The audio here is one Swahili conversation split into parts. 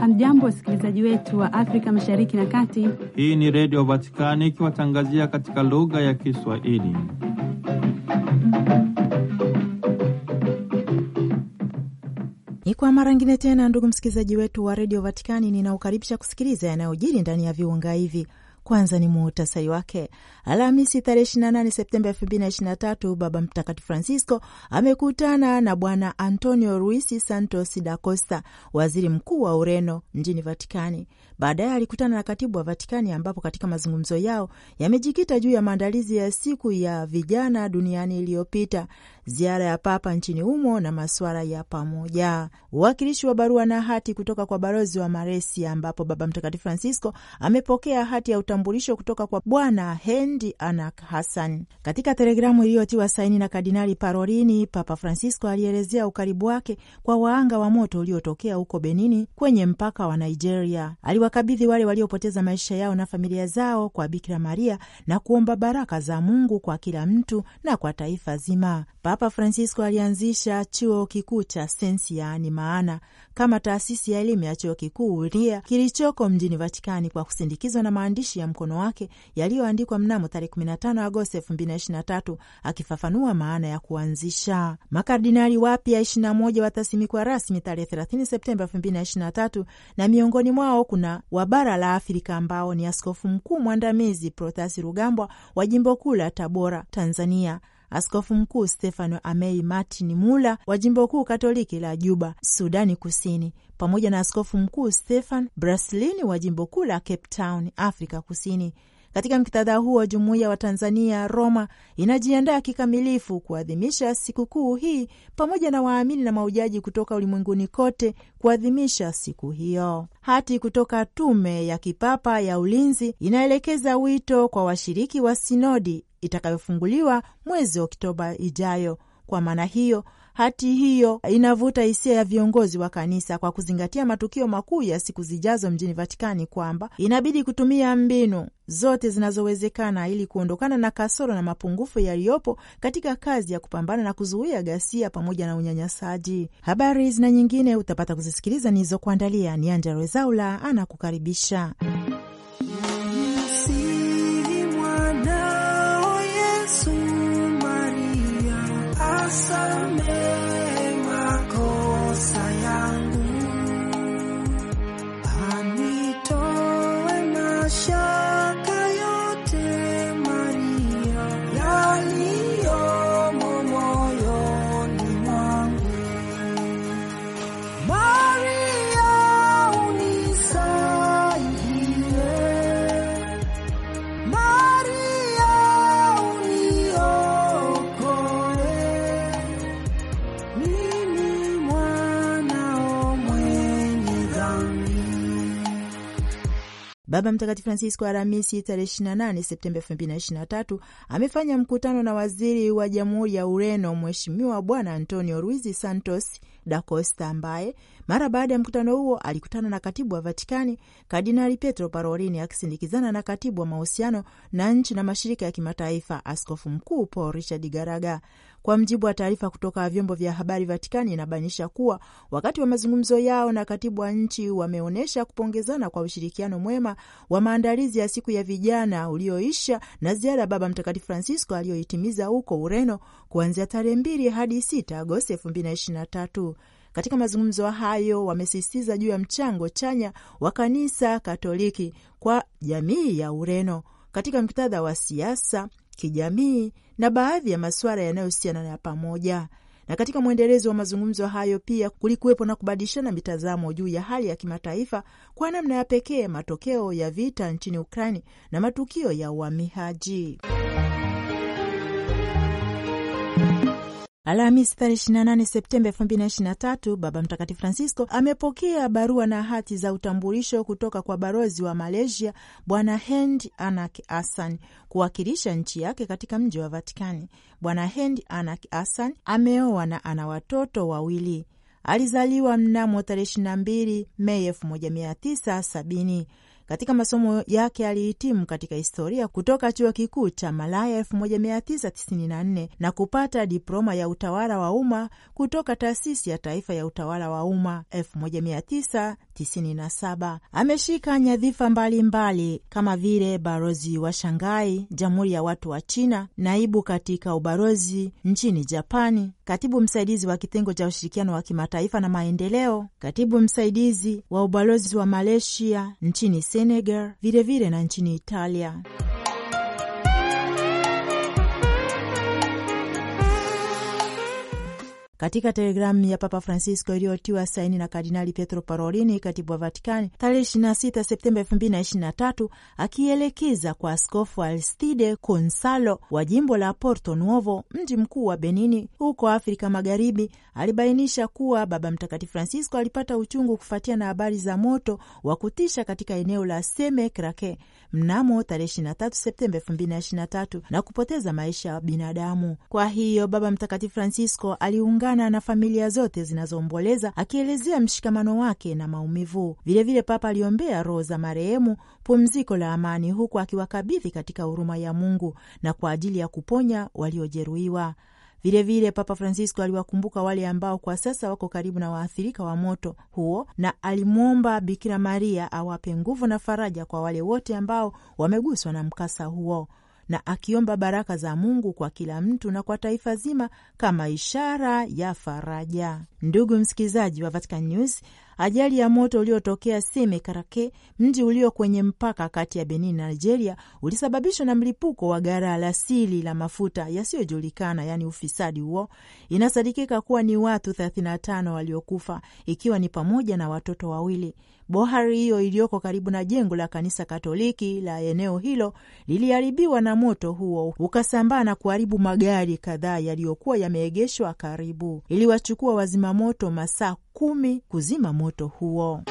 Hamjambo, wasikilizaji wetu wa Afrika Mashariki na Kati. Hii ni Redio Vatikani ikiwatangazia katika lugha ya Kiswahili. Ni kwa mara ngine tena, ndugu msikilizaji wetu wa Redio Vatikani, ninaukaribisha kusikiliza yanayojiri ndani ya viunga hivi kwanza ni muhtasari wake. Alhamisi tarehe 28 Septemba 2023, Baba Mtakatifu Francisco amekutana na Bwana Antonio Ruisi Santos da Costa, waziri mkuu wa Ureno, mjini Vatikani. Baadaye alikutana na katibu wa Vatikani, ambapo katika mazungumzo yao yamejikita juu ya maandalizi ya siku ya vijana duniani iliyopita, ziara ya Papa nchini humo na masuala ya pamoja, uwakilishi wa barua na hati kutoka kwa balozi wa maresi ambapo Baba Mtakatifu Francisco amepokea hati ya utambulisho kutoka kwa Bwana Hendi Anak Hassan. Katika telegramu iliyotiwa saini na Kardinali Parolini, Papa Francisco alielezea ukaribu wake kwa waanga wa moto uliotokea huko Benini kwenye mpaka wa Nigeria. Aliwa tuwakabidhi wale waliopoteza maisha yao na familia zao kwa Bikira Maria na kuomba baraka za Mungu kwa kila mtu na kwa taifa zima. Papa Francisco alianzisha chuo kikuu cha sensi, yaani maana, kama taasisi ya elimu ya chuo kikuu huria kilichoko mjini Vatikani, kwa kusindikizwa na maandishi ya mkono wake yaliyoandikwa mnamo tarehe 15 Agosti 2023 akifafanua maana ya kuanzisha. Makardinali wapya 21 watasimikwa rasmi tarehe 30 Septemba 2023 na miongoni mwao kuna wa bara la Afrika ambao ni askofu mkuu mwandamizi Protasi Rugambwa wa jimbo kuu la Tabora, Tanzania Askofu Mkuu Stefano Amei Martin Mula wa jimbo kuu Katoliki la Juba, Sudani Kusini, pamoja na Askofu Mkuu Stefan Braslin wa jimbo kuu la Cape Town, Afrika Kusini katika mktadha huo, jumuiya wa Tanzania Roma inajiandaa kikamilifu kuadhimisha sikukuu hii pamoja na waamini na maujaji kutoka ulimwenguni kote kuadhimisha siku hiyo. Hati kutoka Tume ya Kipapa ya Ulinzi inaelekeza wito kwa washiriki wa sinodi itakayofunguliwa mwezi Oktoba ijayo. Kwa maana hiyo Hati hiyo inavuta hisia ya viongozi wa kanisa kwa kuzingatia matukio makuu ya siku zijazo mjini Vatikani kwamba inabidi kutumia mbinu zote zinazowezekana ili kuondokana na kasoro na mapungufu yaliyopo katika kazi ya kupambana na kuzuia ghasia pamoja na unyanyasaji. Habari zina nyingine utapata kuzisikiliza nilizokuandalia. Ni Angella Rwezaula anakukaribisha. Baba Mtakatifu Francisco Alhamisi tarehe 28 Septemba 2023 amefanya mkutano na waziri wa jamhuri ya Ureno Mheshimiwa Bwana Antonio Luisi Santos da Costa ambaye mara baada ya mkutano huo alikutana na katibu wa Vatikani Kardinali petro Parolini akisindikizana na katibu wa mahusiano na nchi na mashirika ya kimataifa Askofu Mkuu Paul Richard Garaga. Kwa mjibu wa taarifa kutoka vyombo vya habari, Vatikani inabainisha kuwa wakati wa mazungumzo yao na katibu wa nchi wameonyesha kupongezana kwa ushirikiano mwema wa maandalizi ya siku ya vijana ulioisha na ziara ya Baba Mtakatifu Francisco aliyoitimiza huko Ureno kuanzia tarehe mbili hadi sita Agosti elfu mbili na ishirini na tatu. Katika mazungumzo hayo wamesisitiza juu ya mchango chanya wa kanisa Katoliki kwa jamii ya Ureno katika muktadha wa siasa, kijamii na baadhi ya masuala yanayohusiana ya pamoja. Na katika mwendelezo wa mazungumzo hayo pia kulikuwepo na kubadilishana mitazamo juu ya hali ya kimataifa, kwa namna ya pekee matokeo ya vita nchini Ukraini na matukio ya uhamiaji. Alhamisi tarehe 28 Septemba 2023, Baba Mtakatifu Francisco amepokea barua na hati za utambulisho kutoka kwa balozi wa Malaysia Bwana Hend Anak Hassan kuwakilisha nchi yake katika mji wa Vatikani. Bwana Hend Anak Hassan ameoa na ana watoto wawili. Alizaliwa mnamo tarehe 22 Mei 1970. Katika masomo yake alihitimu katika historia kutoka chuo kikuu cha Malaya 1994 na kupata diploma ya utawala wa umma kutoka taasisi ya taifa ya utawala wa umma 1997. Ameshika nyadhifa mbalimbali mbali, kama vile barozi wa shangai Jamhuri ya Watu wa China, naibu katika ubalozi nchini Japani, katibu msaidizi wa kitengo cha ushirikiano wa kimataifa na maendeleo, katibu msaidizi wa ubalozi wa Malaysia nchini Senegal, vilevile na nchini Italia. Katika telegramu ya Papa Francisco iliyotiwa saini na Kardinali petro Parolini, katibu wa Vatikani, tarehe 26 Septemba 2023, akielekeza kwa Askofu alstide Konsalo wa jimbo la Porto Nuovo, mji mkuu wa Benini huko Afrika Magharibi, alibainisha kuwa Baba Mtakatifu Francisco alipata uchungu kufuatia na habari za moto wa kutisha katika eneo la Seme Krake mnamo tarehe 23 Septemba 2023 na kupoteza maisha ya binadamu. Kwa hiyo Baba Mtakatifu Francisco aliungana na familia zote zinazoomboleza akielezea mshikamano wake na maumivu. Vilevile Papa aliombea roho za marehemu pumziko la amani, huku akiwakabidhi katika huruma ya Mungu na kwa ajili ya kuponya waliojeruhiwa. Vilevile vile Papa Francisco aliwakumbuka wale ambao kwa sasa wako karibu na waathirika wa moto huo, na alimwomba Bikira Maria awape nguvu na faraja kwa wale wote ambao wameguswa na mkasa huo, na akiomba baraka za Mungu kwa kila mtu na kwa taifa zima kama ishara ya faraja. Ndugu msikilizaji wa Vatican News, Ajali ya moto uliotokea Seme Karake, mji ulio kwenye mpaka kati ya Benin na Nigeria, ulisababishwa na mlipuko wa gara la sili la mafuta yasiyojulikana, yaani ufisadi huo. Inasadikika kuwa ni watu 35 waliokufa, ikiwa ni pamoja na watoto wawili. Bohari hiyo iliyoko karibu na jengo la kanisa Katoliki la eneo hilo liliharibiwa na moto huo ukasambaa na kuharibu magari kadhaa yaliyokuwa yameegeshwa karibu. Iliwachukua wazima moto masaa kumi kuzima moto huo.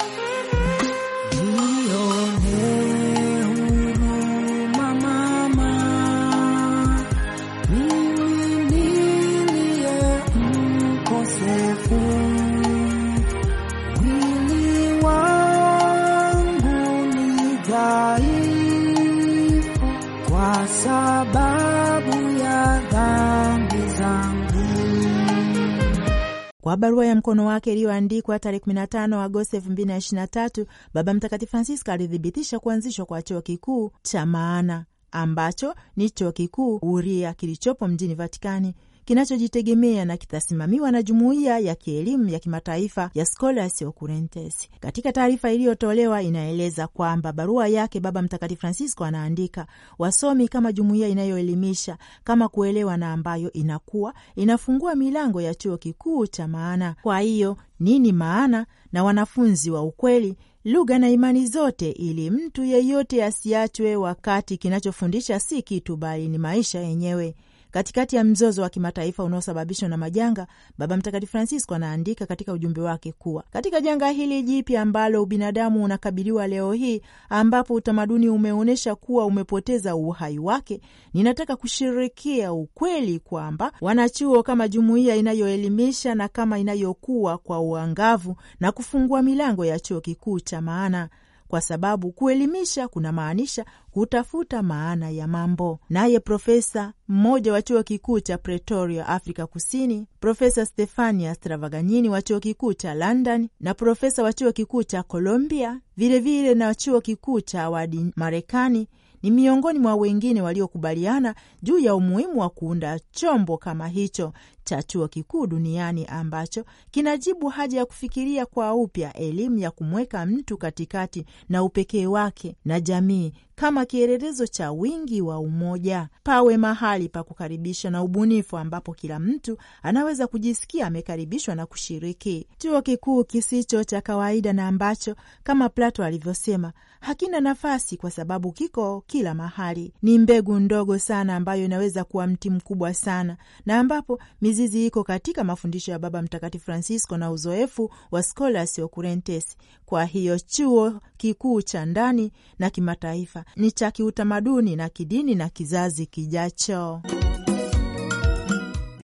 Kwa barua ya mkono wake iliyoandikwa tarehe 15 Agosti 2023, Baba Mtakatifu Francisco alithibitisha kuanzishwa kwa chuo kikuu cha maana ambacho ni chuo kikuu huria kilichopo mjini Vatikani kinachojitegemea na kitasimamiwa na jumuiya ya kielimu ya kimataifa ya Scholas Occurrentes. Katika taarifa iliyotolewa, inaeleza kwamba barua yake Baba Mtakatifu Francisco anaandika wasomi kama jumuiya inayoelimisha kama kuelewa na ambayo inakuwa inafungua milango ya chuo kikuu cha maana. Kwa hiyo nini maana na wanafunzi wa ukweli lugha na imani zote, ili mtu yeyote asiachwe, wakati kinachofundisha si kitu bali ni maisha yenyewe. Katikati ya mzozo wa kimataifa unaosababishwa na majanga, Baba Mtakatifu Francisco anaandika katika ujumbe wake kuwa katika janga hili jipya ambalo ubinadamu unakabiliwa leo hii, ambapo utamaduni umeonyesha kuwa umepoteza uhai wake, ninataka kushirikia ukweli kwamba wanachuo kama jumuiya inayoelimisha na kama inayokuwa kwa uangavu na kufungua milango ya chuo kikuu cha maana kwa sababu kuelimisha kunamaanisha kutafuta maana ya mambo. Naye profesa mmoja wa chuo kikuu cha Pretoria, Afrika Kusini, Profesa Stefania Stravaganyini wa chuo kikuu cha London na profesa wa chuo kikuu cha Colombia vilevile vile na chuo kikuu cha Wadi Marekani ni miongoni mwa wengine waliokubaliana juu ya umuhimu wa kuunda chombo kama hicho cha chuo kikuu duniani ambacho kinajibu haja ya kufikiria kwa upya elimu ya kumweka mtu katikati na upekee wake na jamii kama kielelezo cha wingi wa umoja. Pawe mahali pa kukaribisha na ubunifu, ambapo kila mtu anaweza kujisikia amekaribishwa na kushiriki. Chuo kikuu kisicho cha kawaida na ambacho, kama Plato alivyosema, hakina nafasi kwa sababu kiko kila mahali, ni mbegu ndogo sana ambayo inaweza kuwa mti mkubwa sana, na ambapo Mizizi iko katika mafundisho ya Baba Mtakatifu Francisco na uzoefu wa Scholas Occurrentes. Kwa hiyo chuo kikuu cha ndani na kimataifa ni cha kiutamaduni na kidini na kizazi kijacho.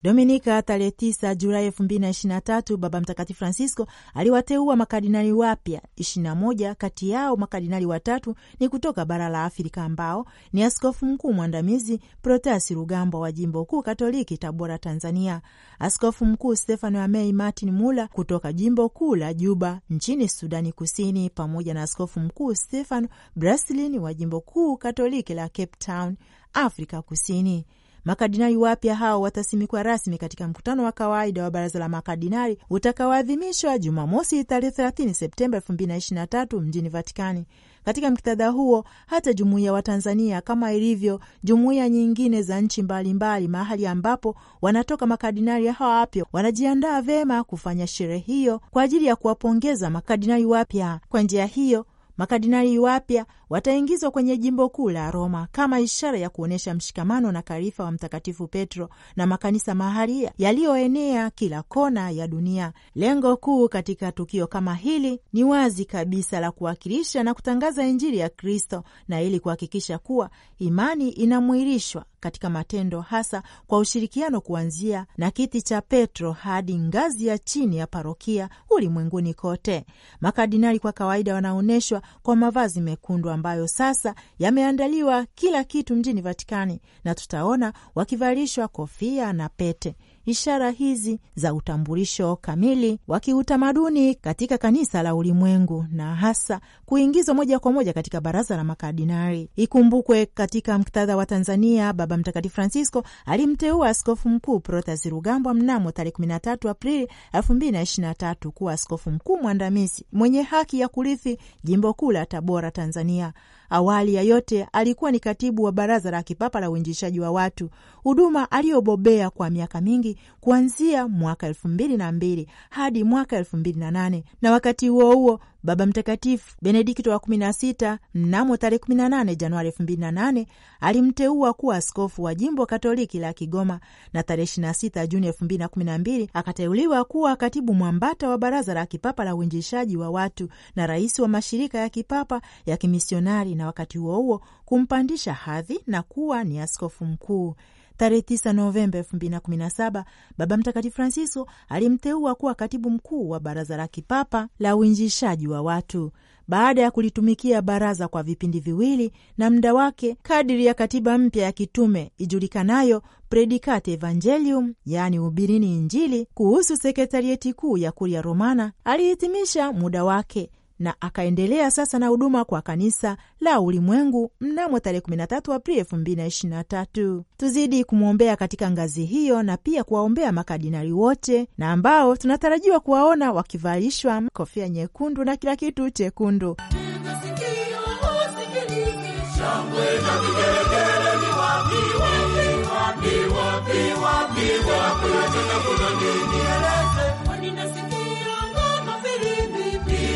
Dominika tarehe 9 Julai 2023, Baba Mtakatifu Francisco aliwateua makardinali wapya 21. Kati yao makardinali watatu ni kutoka bara la Afrika ambao ni askofu mkuu mwandamizi Protasi Rugambwa wa jimbo kuu katoliki Tabora, Tanzania, askofu mkuu Stefano Amei Martin Mula kutoka jimbo kuu la Juba nchini Sudani Kusini, pamoja na askofu mkuu Stefano Braslin wa jimbo kuu katoliki la Cape Town, Afrika Kusini. Makardinali wapya hao watasimikwa rasmi katika mkutano wa kawaida wa baraza la makardinali utakaoadhimishwa Jumamosi tarehe 30 Septemba 2023 mjini Vatikani. Katika muktadha huo, hata jumuiya wa Tanzania kama ilivyo jumuiya nyingine za nchi mbalimbali, mahali ambapo wanatoka makardinali hao wapya, wanajiandaa vema kufanya sherehe hiyo kwa ajili ya kuwapongeza makardinali wapya. Kwa njia hiyo makardinali wapya wataingizwa kwenye jimbo kuu la Roma kama ishara ya kuonyesha mshikamano na karifa wa Mtakatifu Petro na makanisa mahalia yaliyoenea kila kona ya dunia. Lengo kuu katika tukio kama hili ni wazi kabisa la kuwakilisha na kutangaza Injili ya Kristo na ili kuhakikisha kuwa imani inamwirishwa katika matendo, hasa kwa ushirikiano kuanzia na kiti cha Petro hadi ngazi ya chini ya parokia ulimwenguni kote. Makardinali kwa kawaida wanaonyeshwa kwa mavazi mekundu ambayo sasa yameandaliwa kila kitu mjini Vatikani, na tutaona wakivalishwa kofia na pete ishara hizi za utambulisho kamili wa kiutamaduni katika kanisa la ulimwengu na hasa kuingizwa moja kwa moja katika baraza la makardinali. Ikumbukwe katika muktadha wa Tanzania, Baba Mtakatifu Francisco alimteua askofu mkuu Protasi Rugambwa mnamo tarehe 13 Aprili 2023 kuwa askofu mkuu mwandamizi mwenye haki ya kurithi jimbo kuu la Tabora, Tanzania. Awali ya yote alikuwa ni katibu wa baraza la kipapa la uinjishaji wa watu huduma aliyobobea kwa miaka mingi kuanzia mwaka elfu mbili na mbili hadi mwaka elfu mbili na nane na wakati huo huo Baba Mtakatifu Benedikto wa 16 mnamo tarehe 18 Januari nane alimteua kuwa askofu wa jimbo Katoliki la Kigoma, na tarehe sita Juni mbili akateuliwa kuwa katibu mwambata wa Baraza la Kipapa la uinjishaji wa Watu na rais wa mashirika ya kipapa ya kimisionari, na wakati huo huo kumpandisha hadhi na kuwa ni askofu mkuu. Tarehe 9 Novemba 2017 Baba Mtakatifu Francisco alimteua kuwa katibu mkuu wa Baraza la Kipapa la Uinjishaji wa Watu baada ya kulitumikia baraza kwa vipindi viwili na muda wake kadiri ya katiba mpya ya kitume ijulikanayo Predicate Evangelium, yaani ubirini Injili, kuhusu sekretarieti kuu ya Kuria Romana. Alihitimisha muda wake na akaendelea sasa na huduma kwa kanisa la ulimwengu mnamo tarehe 13 Aprili 2023. Tuzidi kumwombea katika ngazi hiyo na pia kuwaombea makadinari wote na ambao tunatarajiwa kuwaona wakivalishwa kofia nyekundu na kila kitu chekundu.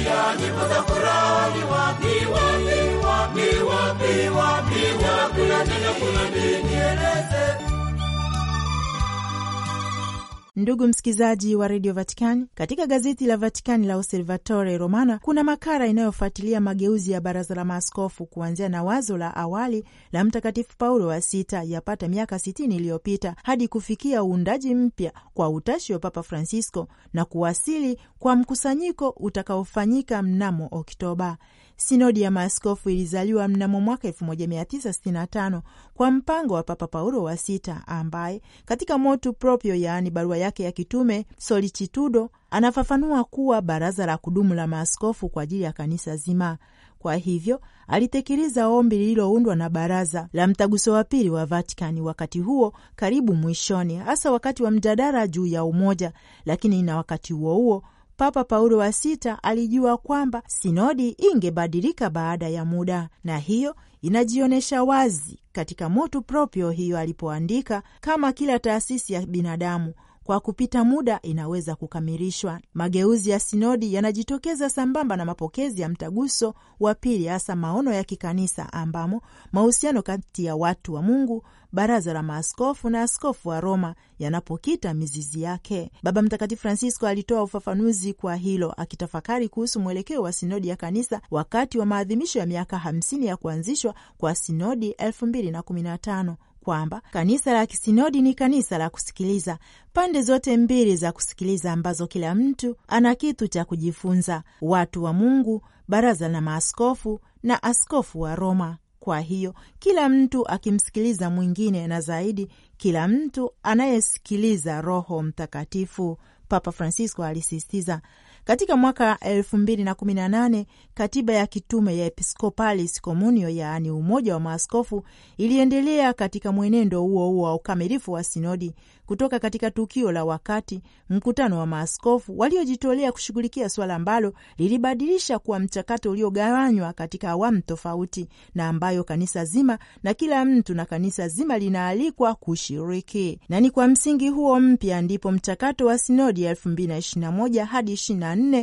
duniani kuna furaha ni wapi wapi wapi wapi wapi wapi kuna nini nieleze Ndugu msikilizaji wa redio Vatikani, katika gazeti la Vatikani la Osservatore Romana kuna makala inayofuatilia mageuzi ya baraza la maaskofu kuanzia na wazo la awali la Mtakatifu Paulo wa Sita yapata miaka sitini iliyopita hadi kufikia uundaji mpya kwa utashi wa Papa Francisco na kuwasili kwa mkusanyiko utakaofanyika mnamo Oktoba. Sinodi ya maaskofu ilizaliwa mnamo mwaka 1965 kwa mpango wa Papa Paulo wa Sita, ambaye katika motu proprio, yaani barua yake ya kitume Solicitudo, anafafanua kuwa baraza la kudumu la maaskofu kwa ajili ya kanisa zima. Kwa hivyo alitekeleza ombi lililoundwa na baraza la mtaguso wa pili wa Vatikani wakati huo karibu mwishoni, hasa wakati wa mjadala juu ya umoja, lakini na wakati huo huo Papa Paulo wa Sita alijua kwamba sinodi ingebadilika baada ya muda, na hiyo inajionyesha wazi katika motu proprio hiyo alipoandika, kama kila taasisi ya binadamu kwa kupita muda inaweza kukamilishwa. Mageuzi ya sinodi yanajitokeza sambamba na mapokezi ya mtaguso wa pili, hasa maono ya kikanisa ambamo mahusiano kati ya watu wa Mungu, baraza la maaskofu na askofu wa Roma yanapokita mizizi yake. Baba Mtakatifu Francisco alitoa ufafanuzi kwa hilo akitafakari kuhusu mwelekeo wa sinodi ya kanisa wakati wa maadhimisho ya miaka hamsini ya kuanzishwa kwa sinodi elfu mbili kwamba kanisa la kisinodi ni kanisa la kusikiliza, pande zote mbili za kusikiliza ambazo kila mtu ana kitu cha kujifunza, watu wa Mungu, baraza la maaskofu na askofu wa Roma. Kwa hiyo kila mtu akimsikiliza mwingine, na zaidi kila mtu anayesikiliza Roho Mtakatifu. Papa Francisco alisisitiza katika mwaka elfu mbili na kumi na nane katiba ya kitume ya Episcopalis Communio, yaani umoja wa maaskofu, iliendelea katika mwenendo huo huo wa ukamilifu wa sinodi kutoka katika tukio la wakati, mkutano wa maaskofu waliojitolea kushughulikia swala ambalo lilibadilisha kuwa mchakato uliogawanywa katika awamu tofauti, na ambayo kanisa zima na kila mtu na kanisa zima linaalikwa kushiriki. Na ni kwa msingi huo mpya ndipo mchakato wa sinodi ya 2021 hadi 24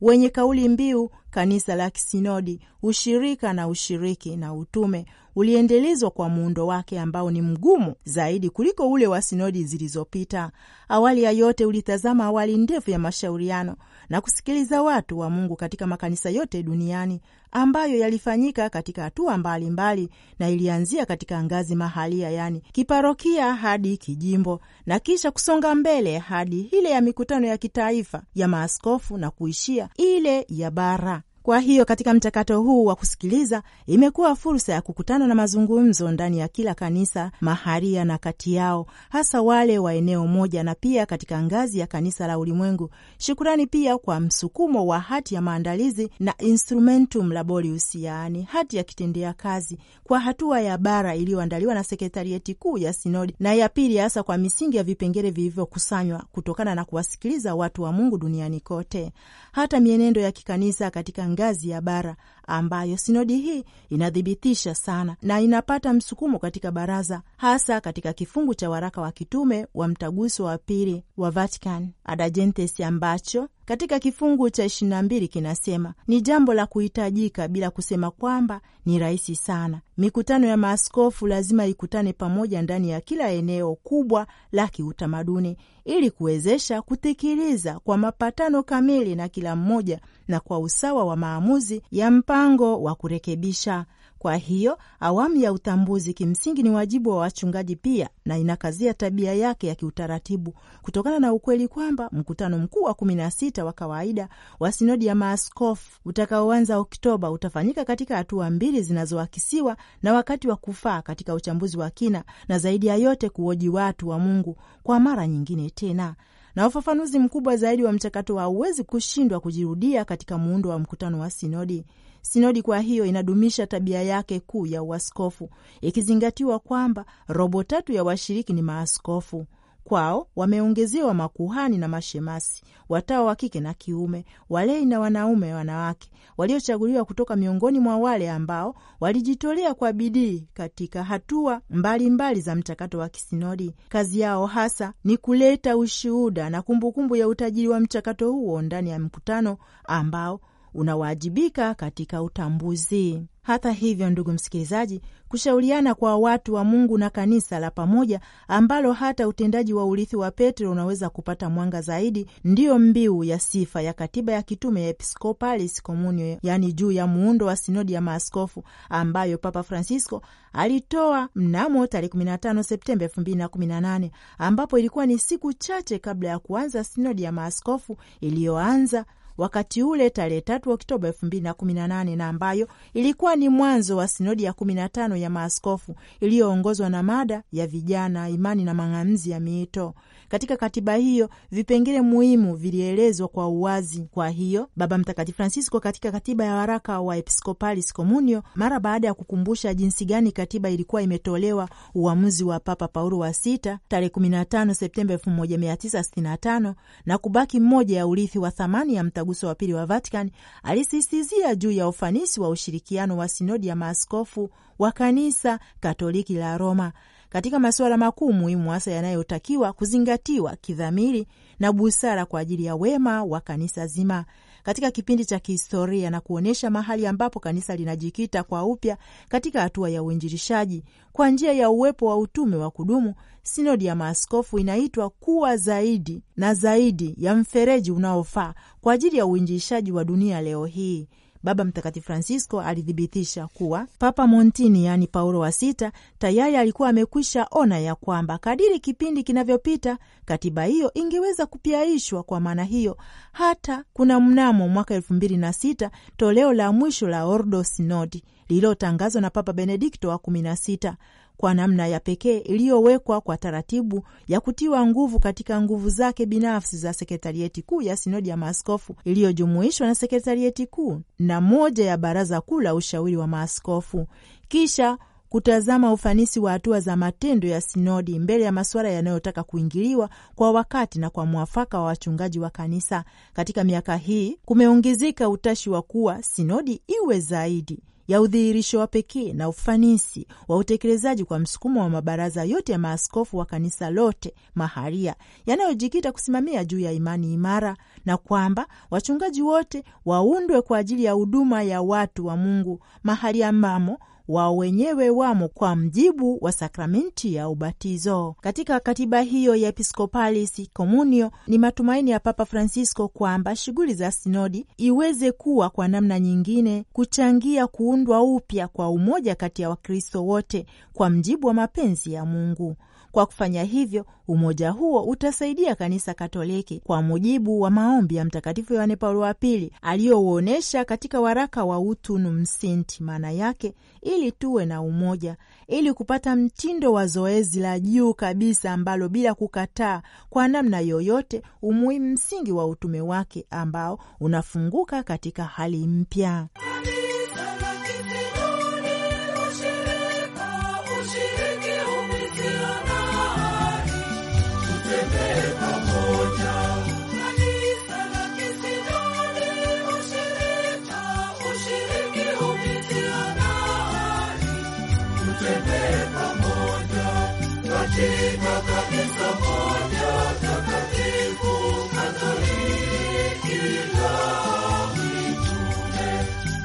wenye kauli mbiu kanisa la kisinodi, ushirika na ushiriki na utume uliendelezwa kwa muundo wake ambao ni mgumu zaidi kuliko ule wa sinodi zilizopita. Awali ya yote, ulitazama awali ndefu ya mashauriano na kusikiliza watu wa Mungu katika makanisa yote duniani ambayo yalifanyika katika hatua mbalimbali na ilianzia katika ngazi mahalia, yaani kiparokia hadi kijimbo, na kisha kusonga mbele hadi ile ya mikutano ya kitaifa ya maaskofu na kuishia ile ya bara kwa hiyo katika mchakato huu wa kusikiliza, imekuwa fursa ya kukutana na mazungumzo ndani ya kila kanisa maharia na kati yao, hasa wale wa eneo moja, na pia katika ngazi ya kanisa la ulimwengu. Shukurani pia kwa msukumo wa hati ya maandalizi na Instrumentum Laborius, yaani hati ya kitendea kazi kwa hatua ya bara iliyoandaliwa na sekretarieti kuu ya sinodi na ya pili, hasa kwa misingi ya vipengele vilivyokusanywa kutokana na kuwasikiliza watu wa Mungu duniani kote, hata mienendo ya kikanisa katika ngazi ya bara ambayo sinodi hii inathibitisha sana na inapata msukumo katika baraza, hasa katika kifungu cha waraka wa kitume wa mtaguso wa pili wa Vatican Ad Gentes ambacho katika kifungu cha ishirini na mbili kinasema ni jambo la kuhitajika bila kusema kwamba ni rahisi sana. Mikutano ya maaskofu lazima ikutane pamoja ndani ya kila eneo kubwa la kiutamaduni ili kuwezesha kutekeleza kwa mapatano kamili na kila mmoja na kwa usawa wa maamuzi ya mpa mpango wa kurekebisha. Kwa hiyo awamu ya utambuzi kimsingi ni wajibu wa wachungaji pia, na inakazia tabia yake ya kiutaratibu kutokana na ukweli kwamba mkutano mkuu wa kumi na sita wa kawaida wa sinodi ya maaskofu utakaoanza Oktoba utafanyika katika hatua mbili zinazoakisiwa na wakati wa kufaa katika uchambuzi wa kina, na zaidi ya yote kuoji watu wa Mungu kwa mara nyingine tena na ufafanuzi mkubwa zaidi wa mchakato hauwezi kushindwa kujirudia katika muundo wa mkutano wa sinodi. Sinodi kwa hiyo inadumisha tabia yake kuu ya uaskofu, ikizingatiwa kwamba robo tatu ya washiriki ni maaskofu. Kwao wameongezewa makuhani na mashemasi, watawa wa kike na kiume, walei na wanaume wanawake, waliochaguliwa kutoka miongoni mwa wale ambao walijitolea kwa bidii katika hatua mbalimbali mbali za mchakato wa kisinodi. Kazi yao hasa ni kuleta ushuhuda na kumbukumbu ya utajiri wa mchakato huo ndani ya mkutano ambao unawajibika katika utambuzi. Hata hivyo, ndugu msikilizaji, kushauriana kwa watu wa Mungu na kanisa la pamoja ambalo hata utendaji wa urithi wa Petro unaweza kupata mwanga zaidi, ndiyo mbiu ya sifa ya katiba ya kitume ya Episcopalis Communio, yaani juu ya muundo wa sinodi ya maaskofu ambayo Papa Francisco alitoa mnamo tarehe 15 Septemba 2018 ambapo ilikuwa ni siku chache kabla ya kuanza sinodi ya maaskofu iliyoanza wakati ule tarehe tatu Oktoba elfu mbili na kumi na na nane ambayo ilikuwa ni mwanzo wa sinodi ya kumi na tano ya maaskofu iliyoongozwa na mada ya vijana, imani na mang'amzi ya miito. Katika katiba hiyo vipengele muhimu vilielezwa kwa uwazi. Kwa hiyo Baba Mtakatifu Francisco katika katiba ya waraka wa Episcopalis Communio, mara baada ya kukumbusha jinsi gani katiba ilikuwa imetolewa uamuzi wa Papa Paulo wa sita tarehe 15 Septemba 1965 na kubaki mmoja ya urithi wa thamani ya mtaguso wa pili wa Vatican, alisisitizia juu ya ufanisi wa ushirikiano wa sinodi ya maaskofu wa kanisa Katoliki la Roma katika masuala makuu muhimu hasa yanayotakiwa kuzingatiwa kidhamiri na busara kwa ajili ya wema wa kanisa zima katika kipindi cha kihistoria na kuonyesha mahali ambapo kanisa linajikita kwa upya katika hatua ya uinjilishaji kwa njia ya uwepo wa utume wa kudumu. Sinodi ya maaskofu inaitwa kuwa zaidi na zaidi ya mfereji unaofaa kwa ajili ya uinjilishaji wa dunia leo hii, Baba Mtakatifu Francisco alithibitisha kuwa Papa Montini, yaani Paulo wa Sita, tayari alikuwa amekwisha ona ya kwamba kadiri kipindi kinavyopita katiba hiyo ingeweza kupyaishwa. Kwa maana hiyo, hata kuna mnamo mwaka elfu mbili na sita toleo la mwisho la Ordo Sinodi lililotangazwa na Papa Benedikto wa kumi na sita kwa namna ya pekee iliyowekwa kwa taratibu ya kutiwa nguvu katika nguvu zake binafsi za sekretarieti kuu ya sinodi ya maaskofu iliyojumuishwa na sekretarieti kuu na moja ya baraza kuu la ushauri wa maaskofu, kisha kutazama ufanisi wa hatua za matendo ya sinodi mbele ya masuala yanayotaka kuingiliwa kwa wakati na kwa mwafaka wa wachungaji wa kanisa. Katika miaka hii kumeongezeka utashi wa kuwa sinodi iwe zaidi ya udhihirisho wa pekee na ufanisi wa utekelezaji kwa msukumo wa mabaraza yote ya maaskofu wa kanisa lote maharia yanayojikita kusimamia juu ya imani imara, na kwamba wachungaji wote waundwe kwa ajili ya huduma ya watu wa Mungu mahali ambamo wao wenyewe wamo kwa mjibu wa sakramenti ya ubatizo. Katika katiba hiyo ya Episcopalis Communio, ni matumaini ya Papa Francisco kwamba shughuli za sinodi iweze kuwa kwa namna nyingine kuchangia kuundwa upya kwa umoja kati ya Wakristo wote kwa mjibu wa mapenzi ya Mungu. Kwa kufanya hivyo, umoja huo utasaidia kanisa Katoliki kwa mujibu wa maombi ya Mtakatifu Yohane Paulo wa Pili aliyouonyesha katika waraka wa Utu Num Sint, maana yake ili tuwe na umoja, ili kupata mtindo wa zoezi la juu kabisa ambalo bila kukataa kwa namna yoyote umuhimu msingi wa utume wake ambao unafunguka katika hali mpya.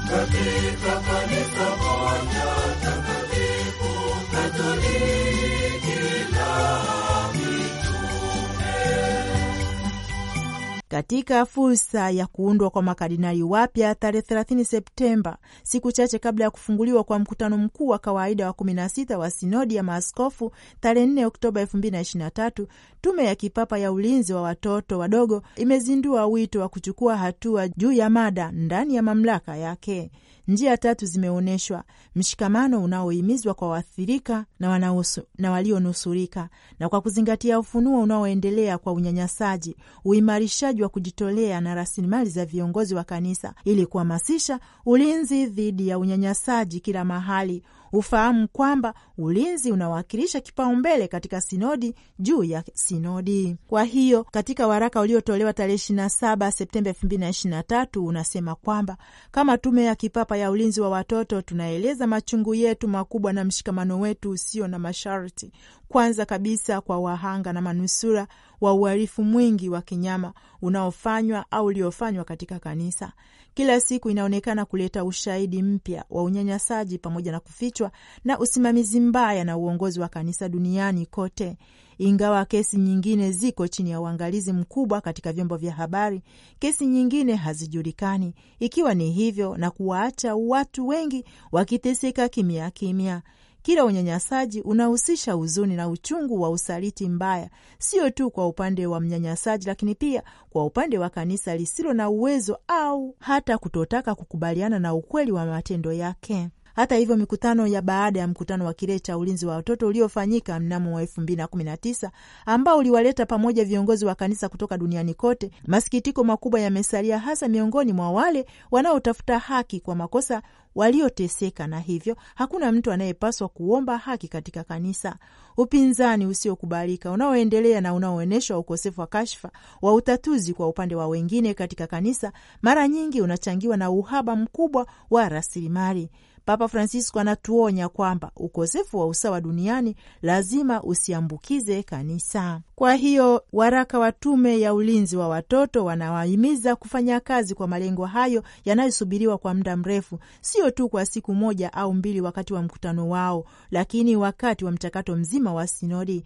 katika kanisa Katika fursa ya kuundwa kwa makardinali wapya tarehe 30 Septemba, siku chache kabla ya kufunguliwa kwa mkutano mkuu wa kawaida wa 16 wa sinodi ya maaskofu tarehe 4 Oktoba 2023, tume ya kipapa ya ulinzi wa watoto wadogo imezindua wito wa kuchukua hatua juu ya mada ndani ya mamlaka yake. Njia tatu zimeonyeshwa: mshikamano unaohimizwa kwa waathirika na, na walionusurika, na kwa kuzingatia ufunuo unaoendelea kwa unyanyasaji, uimarishaji wa kujitolea na rasilimali za viongozi wa kanisa ili kuhamasisha ulinzi dhidi ya unyanyasaji kila mahali hufahamu kwamba ulinzi unawakilisha kipaumbele katika sinodi juu ya sinodi. Kwa hiyo katika waraka uliotolewa tarehe 27 Septemba 2023 unasema kwamba kama tume ya kipapa ya ulinzi wa watoto tunaeleza machungu yetu makubwa na mshikamano wetu usio na masharti, kwanza kabisa kwa wahanga na manusura wa uhalifu mwingi wa kinyama unaofanywa au uliofanywa katika kanisa kila siku inaonekana kuleta ushahidi mpya wa unyanyasaji pamoja na kufichwa na usimamizi mbaya na uongozi wa kanisa duniani kote. Ingawa kesi nyingine ziko chini ya uangalizi mkubwa katika vyombo vya habari, kesi nyingine hazijulikani ikiwa ni hivyo, na kuwaacha watu wengi wakiteseka kimya kimya. Kila unyanyasaji unahusisha huzuni na uchungu wa usaliti mbaya, sio tu kwa upande wa mnyanyasaji, lakini pia kwa upande wa kanisa lisilo na uwezo au hata kutotaka kukubaliana na ukweli wa matendo yake. Hata hivyo, mikutano ya baada ya mkutano wa kilele cha ulinzi wa watoto uliofanyika mnamo elfu mbili na kumi na tisa ambao uliwaleta pamoja viongozi wa kanisa kutoka duniani kote, masikitiko makubwa yamesalia hasa miongoni mwa wale wanaotafuta haki kwa makosa walioteseka na hivyo hakuna mtu anayepaswa kuomba haki katika kanisa. Upinzani usiokubalika unaoendelea na unaoonyeshwa ukosefu wa kashfa wa utatuzi kwa upande wa wengine katika kanisa, mara nyingi unachangiwa na uhaba mkubwa wa rasilimali. Papa Francisco anatuonya kwamba ukosefu wa usawa duniani lazima usiambukize kanisa. Kwa hiyo waraka wa Tume ya Ulinzi wa Watoto wanawahimiza kufanya kazi kwa malengo hayo yanayosubiriwa kwa muda mrefu, sio tu kwa siku moja au mbili wakati wa mkutano wao, lakini wakati wa mchakato mzima wa sinodi.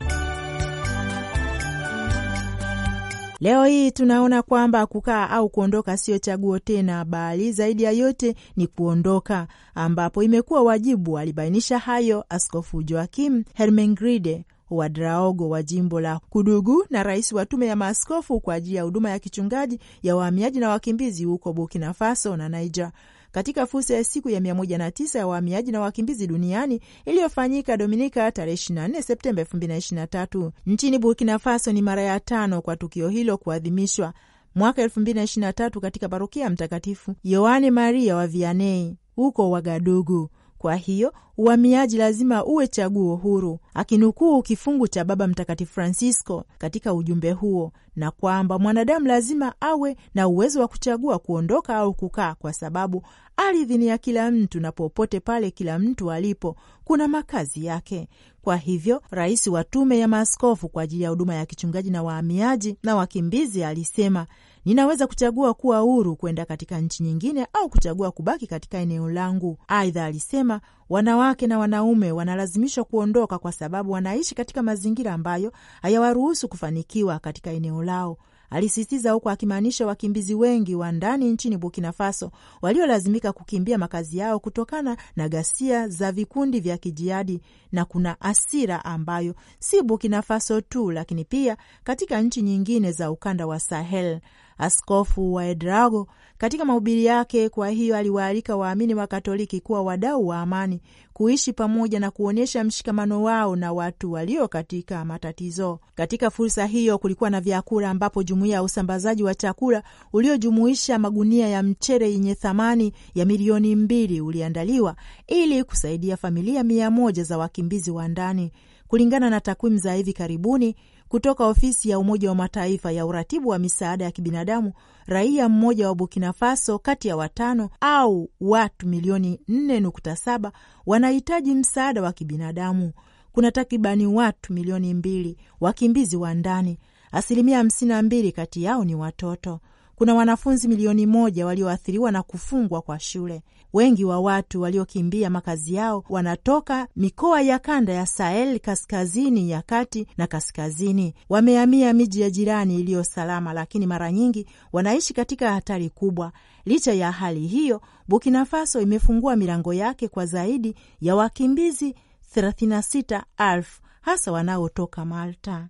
Leo hii tunaona kwamba kukaa au kuondoka sio chaguo tena, bali zaidi ya yote ni kuondoka, ambapo imekuwa wajibu. Alibainisha hayo Askofu Joakim Hermengride Wadraogo wa jimbo la Kudugu na rais wa tume ya maaskofu kwa ajili ya huduma ya kichungaji ya wahamiaji na wakimbizi huko Burkina Faso na Niger, katika fursa ya siku ya 109 ya wahamiaji na wakimbizi duniani iliyofanyika Dominika tarehe 24 Septemba 2023 nchini Burkina Faso. Ni mara ya tano kwa tukio hilo kuadhimishwa mwaka 2023 katika parokia ya Mtakatifu Yohane Maria wa Vianney huko Wagadugu. Kwa hiyo uhamiaji lazima uwe chaguo huru, akinukuu kifungu cha Baba Mtakatifu Francisco katika ujumbe huo, na kwamba mwanadamu lazima awe na uwezo wa kuchagua kuondoka au kukaa, kwa sababu ardhi ni ya kila mtu na popote pale kila mtu alipo kuna makazi yake. Kwa hivyo rais wa tume ya maaskofu kwa ajili ya huduma ya kichungaji na wahamiaji na wakimbizi alisema Ninaweza kuchagua kuwa huru kwenda katika nchi nyingine au kuchagua kubaki katika eneo langu. Aidha alisema wanawake na wanaume wanalazimishwa kuondoka kwa sababu wanaishi katika mazingira ambayo hayawaruhusu kufanikiwa katika eneo lao. Alisisitiza huku akimaanisha wakimbizi wengi wa ndani nchini Burkina Faso waliolazimika kukimbia makazi yao kutokana na ghasia za vikundi vya kijihadi, na kuna asira ambayo si Burkina Faso tu, lakini pia katika nchi nyingine za ukanda wa Sahel askofu wa Edrago katika mahubiri yake. Kwa hiyo aliwaalika waamini wa Katoliki kuwa wadau wa amani, kuishi pamoja na kuonyesha mshikamano wao na watu walio katika matatizo. Katika fursa hiyo kulikuwa na vyakula, ambapo jumuiya ya usambazaji wa chakula uliojumuisha magunia ya mchere yenye thamani ya milioni mbili uliandaliwa ili kusaidia familia mia moja za wakimbizi wa ndani kulingana na takwimu za hivi karibuni kutoka ofisi ya Umoja wa Mataifa ya uratibu wa misaada ya kibinadamu, raia mmoja wa Burkina Faso kati ya watano au watu milioni 4.7 wanahitaji msaada wa kibinadamu. Kuna takribani watu milioni mbili wakimbizi wa ndani, asilimia 52 kati yao ni watoto kuna wanafunzi milioni moja walioathiriwa na kufungwa kwa shule. Wengi wa watu waliokimbia makazi yao wanatoka mikoa ya kanda ya Sahel, kaskazini ya kati na kaskazini. Wamehamia miji ya jirani iliyo salama, lakini mara nyingi wanaishi katika hatari kubwa. Licha ya hali hiyo, Burkina Faso imefungua milango yake kwa zaidi ya wakimbizi 36,000 hasa wanaotoka Malta.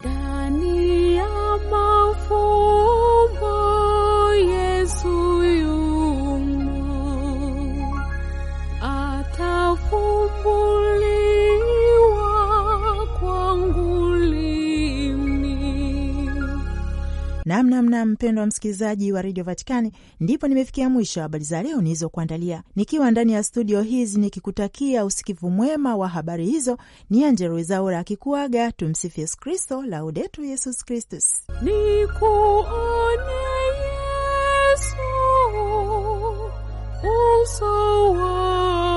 Namnamna mpendo wa msikilizaji wa redio Vatikani, ndipo nimefikia mwisho habari za leo nilizokuandalia, nikiwa ndani ya studio hizi nikikutakia usikivu mwema wa habari hizo. Ni Angella Rwezaura akikuaga. Tumsifu Yesu Kristo, laudetu Yesus Kristus. Nikuone Yesu uso wako